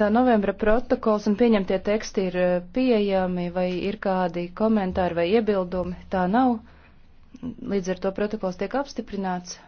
Tā novembra protokols un pieņemtie teksti ir eh, pieejami, vai ir kādi komentāri vai iebildumi. Tā nav. Līdz ar to protokols tiek apstiprināts.